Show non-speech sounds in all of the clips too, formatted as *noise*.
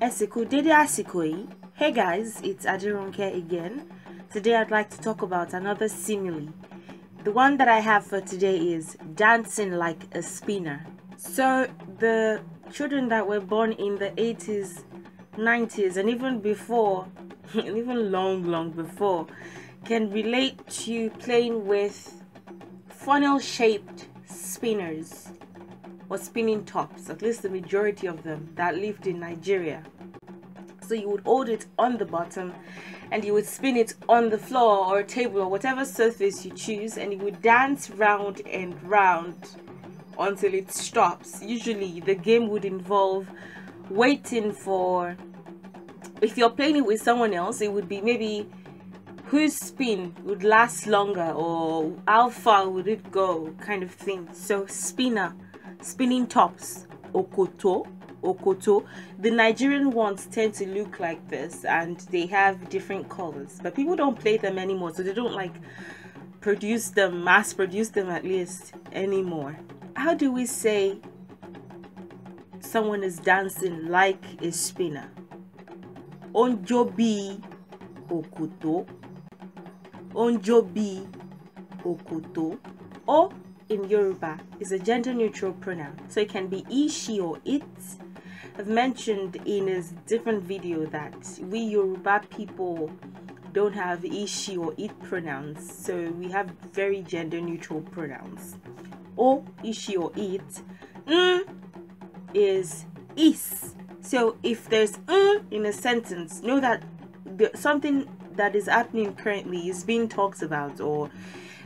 Esiku Dede Asikoi. Hey guys, it's Adirunke again. Today I'd like to talk about another simile. The one that I have for today is dancing like a spinner. So the children that were born in the 80s, 90s and even before, *laughs* and even long long before, can relate to playing with funnel shaped spinners or spinning tops, at least the majority of them that lived in Nigeria. So you would hold it on the bottom and you would spin it on the floor or a table or whatever surface you choose and it would dance round and round until it stops. Usually the game would involve waiting for if you're playing it with someone else, it would be maybe whose spin would last longer or how far would it go kind of thing. So spinner spinning tops okoto okoto the nigerian ones tend to look like this and they have different colors but people don't play them anymore so they don't like produce them mass produce them at least anymore how do we say someone is dancing like a spinner onjobi okoto onjobi okoto o in Yoruba is a gender neutral pronoun, so it can be he, she, or it. I've mentioned in a different video that we Yoruba people don't have he, she, or it pronouns, so we have very gender neutral pronouns. Or he, she, or it mm, is is. So if there's mm in a sentence, know that something that is happening currently is being talked about or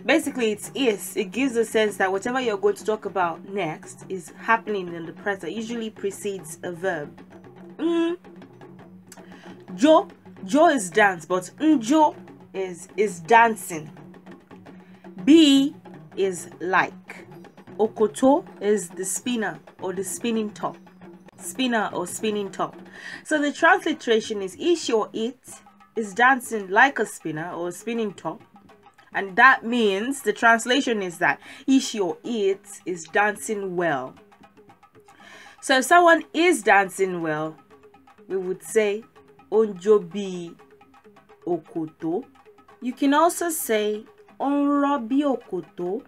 basically it's is it gives a sense that whatever you're going to talk about next is happening in the present usually precedes a verb mm. jo jo is dance but njo is is dancing b is like okoto is the spinner or the spinning top spinner or spinning top so the transliteration is ish or it is dancing like a spinner or a spinning top and that means the translation is that Ishio It is dancing well. So if someone is dancing well, we would say Onjobi Okoto. You can also say Onrobi Okoto.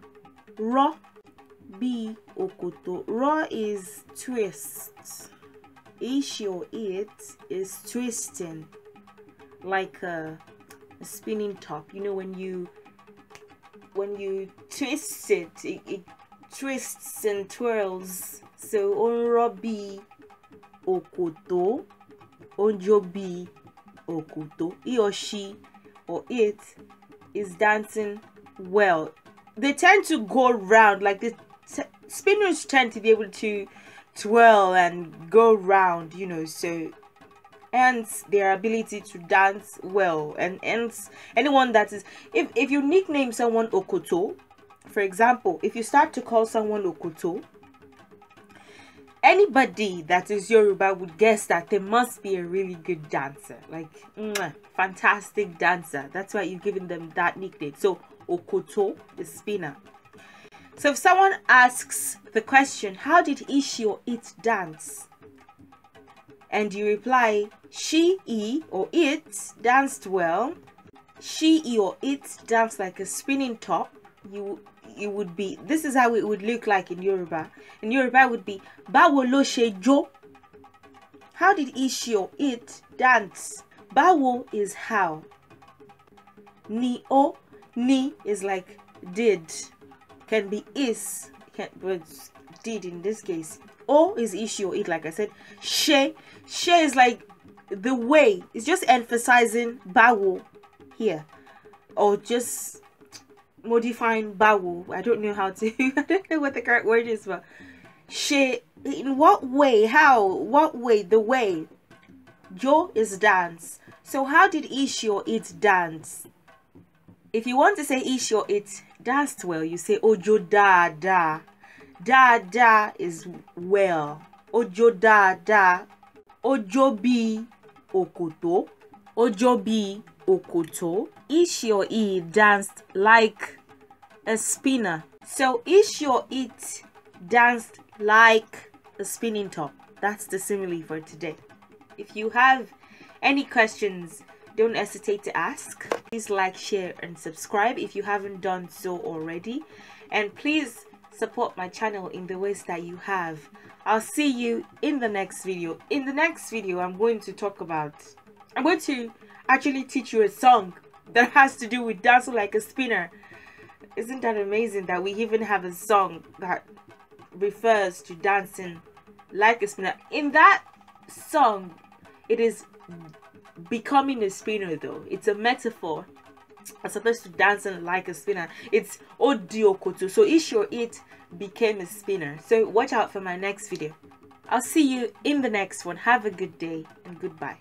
Ro bi Okoto. Ro is twist. Ishio It is twisting like a, a spinning top. You know when you when you twist it, it, it twists and twirls. So onrobi okoto, onjobi okoto. He or she or it is dancing well. They tend to go round like the spinners tend to be able to twirl and go round, you know. So hence their ability to dance well and hence anyone that is if if you nickname someone okoto for example if you start to call someone okoto anybody that is yoruba would guess that they must be a really good dancer like mwah, fantastic dancer that's why you've given them that nickname so okoto is spinner so if someone asks the question how did ishi it dance and you reply, she, he, or it danced well, she, he, or it danced like a spinning top, you it would be this is how it would look like in Yoruba. In Yoruba it would be Bawo lo she jo. How did she or it dance? Bawo is how. Ni o ni is like did. Can be is can but did in this case O is issue it, like I said. She, she is like the way. It's just emphasizing bawo here, or just modifying bawo. I don't know how to. *laughs* I don't know what the correct word is, but she. In what way? How? What way? The way. Yo is dance. So how did or it dance? If you want to say or it danced well, you say Ojo da da da is well. Ojo da da. dáadáa. jó bí Ojo Ó jó bí òkòtó. Isio-E danced like a spinner. So Isio-It danced like a spinning top. That's the simile for today. If you have any questions, don't hesitate to ask. Please like, share and subscribe if you haven't done so already. And please support my channel in the ways that you have i'll see you in the next video in the next video i'm going to talk about i'm going to actually teach you a song that has to do with dancing like a spinner isn't that amazing that we even have a song that refers to dancing like a spinner in that song it is becoming a spinner though it's a metaphor are supposed to dance like a spinner. It's odiokoto. So issue it became a spinner. So watch out for my next video. I'll see you in the next one. Have a good day and goodbye.